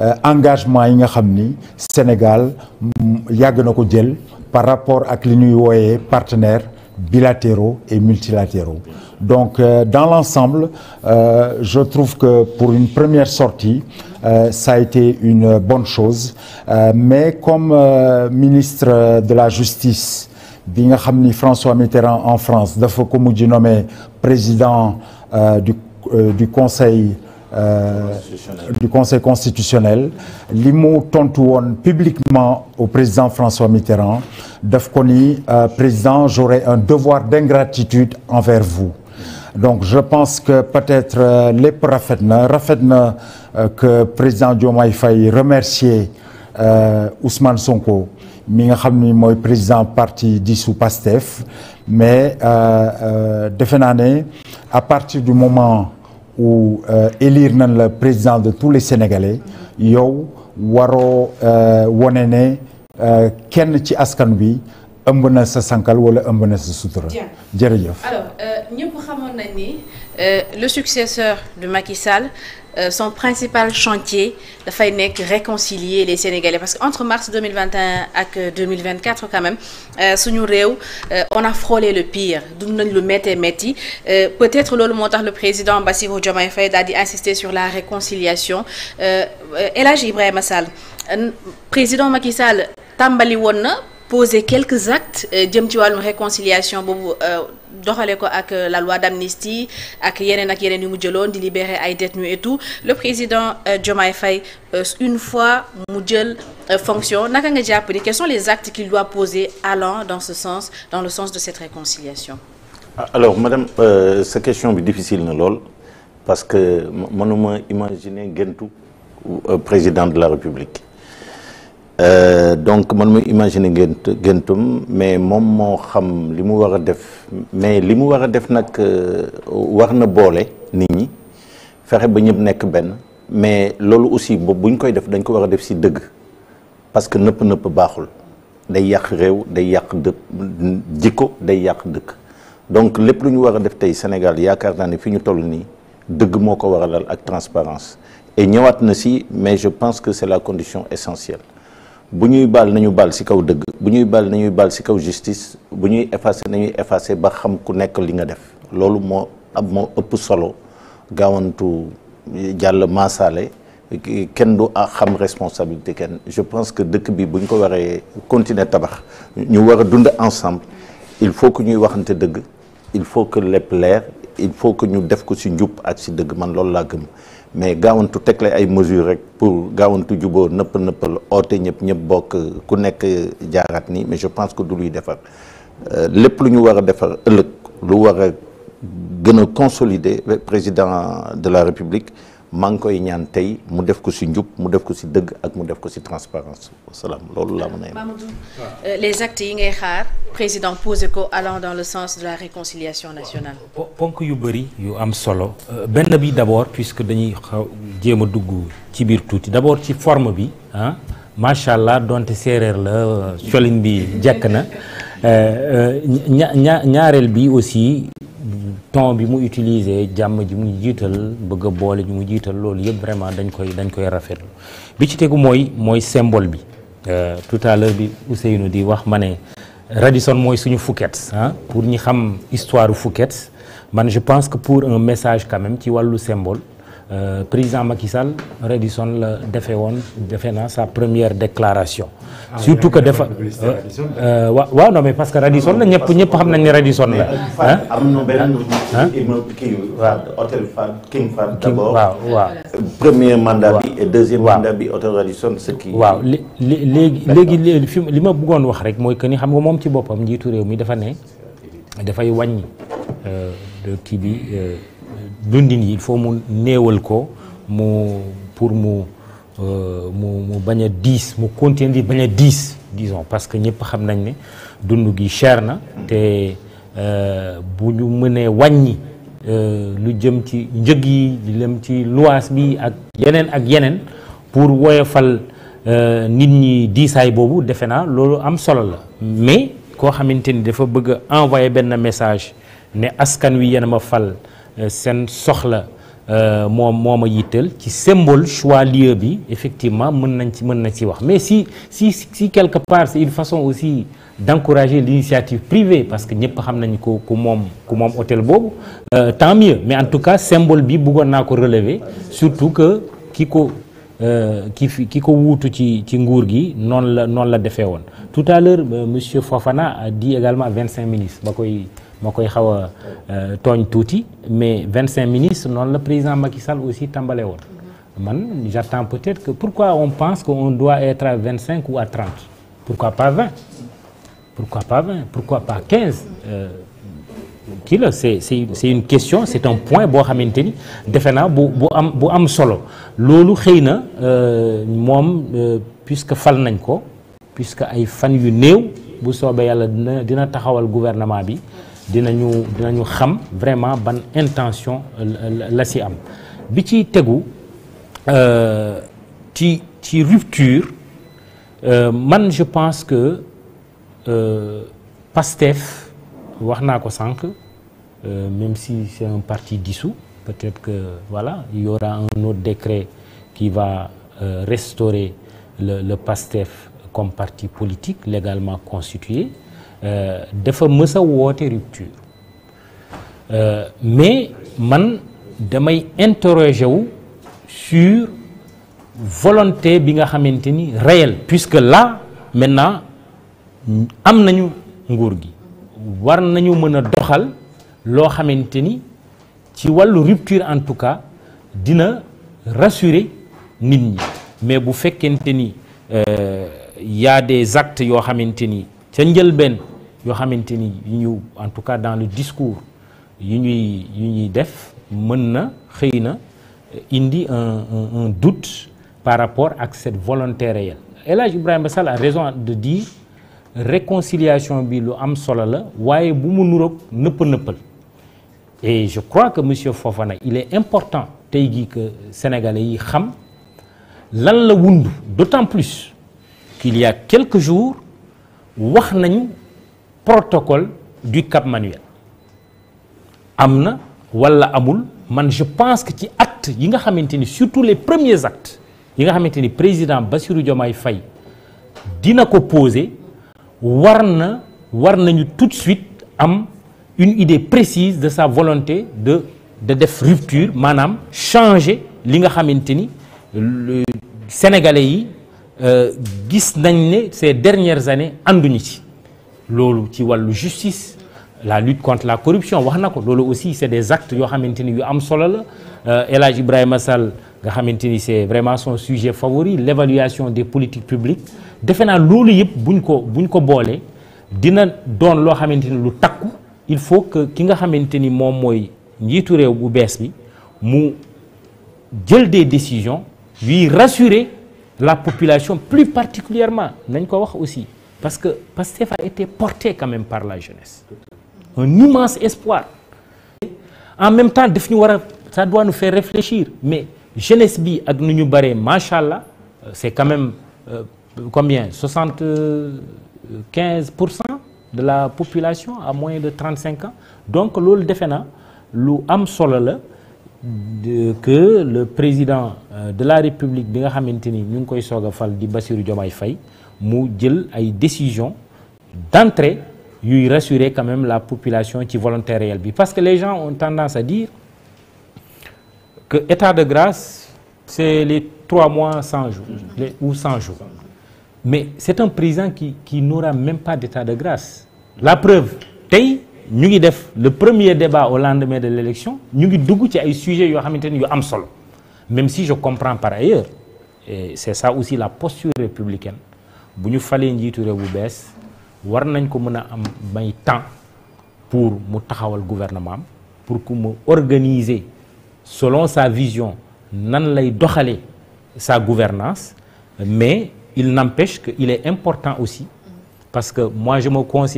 Euh, engagement yi nga xam ni Sénégal mm, yàgg na ko jël par rapport ak li ñuy wooyee partenaires bilatéraux et multilatéraux donc euh, dans l'ensemble euh, je trouve que pour une première sortie euh, ça a été une bonne chose euh, mais comme euh, ministre de la justice bi nga xam ni François Mitterrand en France dafa ko mujj nommé président du du conseil Euh, du conseil constitutionnel li mu tontu woon publiquement au président François Mitterrand daf ko ni euh, président j'aurais un devoir d'ingratitude envers vous donc je pense que peut-être euh, lépp rafet na rafet na que président Diomaye Faye remercier Ousmane Sonko mi nga xam ni mooy président parti dissous PASTEF mais defe naa ne à partir du moment ou euh, élire nan la président de tous les Sénégalais yow waroo euh, wone ne euh, kenn ci askan bi ëmb na sa sankal wala ëmb na sa sutura. jërëjëf alors ñëpp xamoon nañ ni le successeur de Macky Euh, son principal chantier dafay nekk réconcilier les Sénégalais parce que entre mars 2021 ak 2024 euh, quand même euh, suñu réew on a frôlé le pire dund nañ lu méttee métti peut-être loolu moo tax le président Bassirou Diomaye Faye daal di insister sur la réconciliation El Hadj Ibrahima Sall président Macky Sall tàmbali woon na poser quelques actes jëm ci wàllum réconciliation boobu doxalee ko ak euh, la loi d'amnistie ak yeneen ak yeneen yu mu jëloon di libérer ay détenus et tout le président euh, Diomaye Faye euh, une fois mu jël fonction naka nga jàpp ni quels sont les actes qu'il doit poser allant dans le sens de cette réconciliation ah, alors madame euh, sa question bi difficile na lool parce que mon mënuma imaginer géntu président de la République Euh, donc man mu imaginer gént géntum mais moom moo xam li mu war a def mais li mu war a def nag euh, war na boole nit ñi fexe ba ñëpp nekk benn mais loolu aussi boobu bu ñu koy def dañ ko war a def si dëgg parce que nëpp nëpp baaxul day yàq réew day yàq dëkk jikko day yàq dëkk donc lépp lu ñu war a def tey Sénégal yaakaar naa ne fi ñu toll nii dëgg moo ko war a lal ak transparence et ñëwaat na si mais je pense que c'est la condition essentielle bu ñuy baal nañu baal si kaw dëgg bu ñuy baal nañuy baal si kaw justice bu ñuy effacer nañuy effacer ba xam ku nekk li nga def loolu moo ab moo ëpp solo gaawantu jàll maasaale kenn du xam responsabilité kenn je pense que dëkk bi bu ñu ko waree continuer tabax ñu war a dund ensemble il faut que ñuy waxante dëgg il faut que lépp leer il faut que ñu def ko si njub ak si dëgg man loolu laa gëm mais gaawantu tegle ay mesures rek pour gaawantu juboo nëpp nëppal oote ñëpp ñëpp bokk ku nekk jaaraat ni mais je pense que du luy defar euh, lépp lu ñu war a defar ëllëg lu war gën a consolider président de la république maa ngi koy ñaan tey mu def ko si njub mu def ko si dëgg ak mu def ko si transparence wasalaam loolu laa mën a Mamadou euh, les actes yi ngay xaar président posé ko allant dans le sens de la réconciliation nationale ponk yu bëri yu am solo euh, benn bi d'abord puisque dañuy xaw jéem a dugg ci biir tuuti d'abord ci forme bi ah macha allah donte séeréer la colin euh, bi jekk na ñaareel bi aussi ton bi mu utilisé jàmm ji mu jiital bëgg boole ji mu jiital loolu yëpp vraiment dañ koy dañ koy rafetlu bi ci tegu mooy mooy symbole bi euh, tout à l'heure bi Ousseynou di wax ma ne Radisson mooy suñu Fouquet ah pour ñi xam histoire Fouquet man je pense que pour un message quand ci wàllu symbol Euh, président Macky Sall Radisson la defee woon defe naa sa première déclaration. Ah surtout que dafa euh, euh, waaw waaw mais parce que Radisson la ñëpp ñëpp xam nañ ne Radisson la. am na benn kii hôtel Fad King waaw waaw. bi et deuxième mandat bi waaw li li léegi léegi fi li ma buggoon wax rek mooy que ni xam nga moom ci boppam njiitu réew mi dafa ne dafay wàññi kii bi. dundin yi il faut mu néewal ko mu pour mu euh, mu mu bañ a diis mu continuer bañ a diis parce que ñëpp xam nañ ne dund gi cher na te euh, bu ñu mënee wàññi euh, lu jëm ci njëg yi lu jëm ci luwaas bi ak yeneen ak yeneen pour woyofal nit ñi diisaay boobu defe naa loolu am solo la mais koo xamante ni dafa bëgg envoyé benn message ne askan wi yéen a ma fal Euh, seen soxla euh, moom moo ma yitteel ci symbole choix lieu bi effectivement mën nañ ci mën nañ ci wax mais si si si quelque part c'est une façon aussi d'encourager l'initiative privée parce que ñëpp xam nañ ko ku moom ku moom hôtel boobu euh, tant mieux mais en tout cas symbole bi buggoon naa ko relever surtout que ki ko ki fi ki ko wuutu ci ci nguur gi noonu la noonu la defee woon tout à l'heure monsieur Fofana a dit également vingt-cinq ministres ba koy ma koy xaw tooñ tuuti mais vingt cinq ministres noonu la président Macky Sall aussi tàmbale woon man j'attends peut-être que pourquoi on pense qu'on doit être à vingt cinq ou à trente pourquoi pas vingt pourquoi pas vingt pourquoi pas quinze euh, kii la c'est c'est une question c'est un point boo xamante ni defe naa bu bu am bu am solo loolu xëy na euh, moom euh, puisque fal nañ ko puisque ay fan yu néew bu soobee yàlla dina dina taxawal gouvernement bi dinañu dinañu xam vraiment ban intention la si am bi ci tegu euh, ci ci rupture euh, man je pense que euh, PASTEF wax naa ko sànq même si c'est un parti dissous peut-être que voilà il y aura un autre décret qui va restaurer le le PASTEF comme parti politique légalement constitué Euh, dafa mës a woote rupture euh, mais man damay interroger wu sur volonté bi nga xamante ni réelle puisque là maintenant am nañu nguur gi war nañu mën a doxal loo xamante ni ci wàllu rupture en tout cas dina rassurer nit ñi mais bu fekkente ni euh, y a des actes yoo xamante ni ca njëlbeen yoo xamante ni ñu en tout cas dans le discours yu ñuy yu ñuy def mën na xëy na indi un un doute par rapport ak cette volonté réelle El Hadj Ibrahima Sall a raison de dire réconciliation bi lu am solo la waaye bu mu nuroog nëpp nëppal et je crois que monsieur Fofana il est important tey jii que sénégalais yi xam lan la wund d'autant plus qu'il y a quelques jours wax nañu protocole du Cap Manuel am na walla amul man je pense que ci acte yi nga xamante ni surtout les premiers actes yi nga xamante ni président Bassirou Diomaye fay dina ko poser war na war nañu tout de suite am une idée précise de sa volonté de de def rupture maanaam changer li nga xamante ni sénégalais yi euh, gis nañ ne ces dernière années ànduñu ci loolu ci wàllu justice la lutte contre la corruption wax na ko loolu aussi c'est des actes yoo xamante ni yu am solo la euh, El Hadj Ibrahima Sall nga xamante ni c'est vraiment son sujet favori l'évaluation des politiques publiques defe naa loolu yëpp buñ ko buñ ko boolee dina doon loo xamante ni lu takku il faut que ki nga xamante ni moom mooy njiitu réew bu bees bi mu jël des décisions yuy rassurer la population plus particulièrement nañ ko wax aussi Parce que PASTEF a été porté quand même par la jeunesse. Un immense espoir. En même temps, ñu ça doit nous faire réfléchir. Mais jeunesse bi ak nu ñu bëree macha allah euh, c' est quand même euh, combien soixante quinze pour cent de la population à moins de trente cinq ans donc loolu defe na lu am solo la que le président euh, de la république bi nga xamante ni ñu ngi koy soog a fal di Bassirou Diomaye fay mu jël ay décisions d'entrée yuy rassurer quand même la population ci volonté réelle bi parce que les gens ont tendance à dire que état de grâce c'est les trois mois cent jours les, ou cent jours mais c'est un président qui qui n'aura même pas d'état de grâce la preuve tey ñu ngi def le premier débat au lendemain de l'élection ñu ngi dugg ci ay sujets yoo xamante ni yu am solo même si je comprends par ailleurs et c'est ça aussi la posture républicaine bu ñu falee njiitu réew bu bees war nañ ko mën a am may temps pour mu taxawal gouvernement am pour ku mu organiser selon sa vision nan lay doxalee sa gouvernance mais il n'empêche que il est important aussi parce que moi je me considère